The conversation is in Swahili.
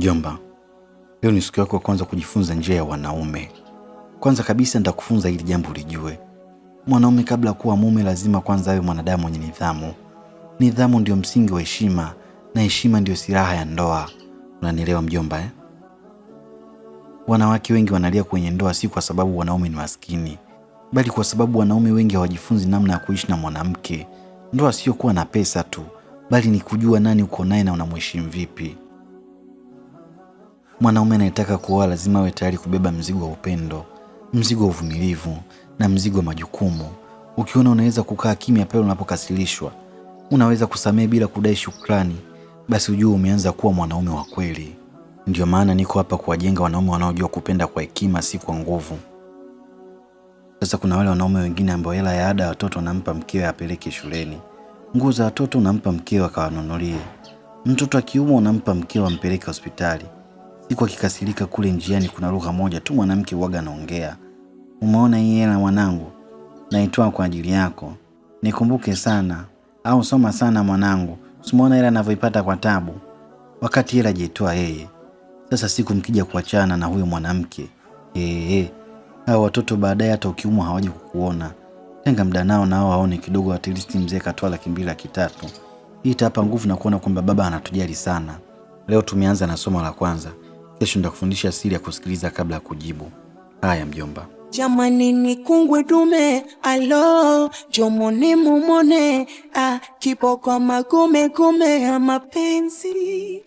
Mjomba, leo ni siku yako ya kwanza kujifunza njia ya wanaume. Kwanza kabisa nitakufunza hili jambo ulijue, mwanaume kabla ya kuwa mume lazima kwanza awe mwanadamu mwenye nidhamu. Nidhamu ndio msingi wa heshima na heshima ndio silaha ya ndoa. Unanielewa mjomba eh? Wanawake wengi wanalia kwenye ndoa si kwa sababu wanaume ni maskini, bali kwa sababu wanaume wengi hawajifunzi namna ya kuishi na mwanamke. Ndoa sio kuwa na pesa tu, bali ni kujua nani uko naye na unamheshimu vipi. Mwanaume anayetaka kuoa lazima awe tayari kubeba mzigo wa upendo, mzigo wa uvumilivu na mzigo wa majukumu. Ukiona unaweza kukaa kimya pale unapokasirishwa, unaweza kusamehe bila kudai shukrani, basi ujue umeanza kuwa mwanaume wa kweli. Ndio maana niko hapa kuwajenga wanaume wanaojua kupenda kwa hekima, si kwa nguvu. Sasa kuna wale wanaume wengine ambao hela ya ada ya watoto wanampa mkewe apeleke shuleni, nguo za watoto unampa mkewe akawanunulie, mtoto akiumwa unampa mkewe ampeleke hospitali iko akikasirika kule njiani, kuna lugha moja tu mwanamke uwaga anaongea, umeona hii hela mwanangu, naitoa kwa ajili yako, nikumbuke sana au soma sana mwanangu, simuona hela anavyoipata kwa tabu, wakati hela jitoa yeye. Sasa siku mkija kuachana na huyo mwanamke eee, hao watoto baadaye hata ukiumwa hawaji kukuona. Tenga muda nao na hao waone kidogo, at least mzee katoa laki mbili laki tatu. Hii itapa nguvu na kuona kwamba baba anatujali sana. Leo tumeanza na somo la kwanza. Kesho nitakufundisha siri ya kusikiliza kabla ya kujibu. Haya mjomba. Jamani ni kungwe dume alo jomoni mumone akipokwa ah, magumegume ya mapenzi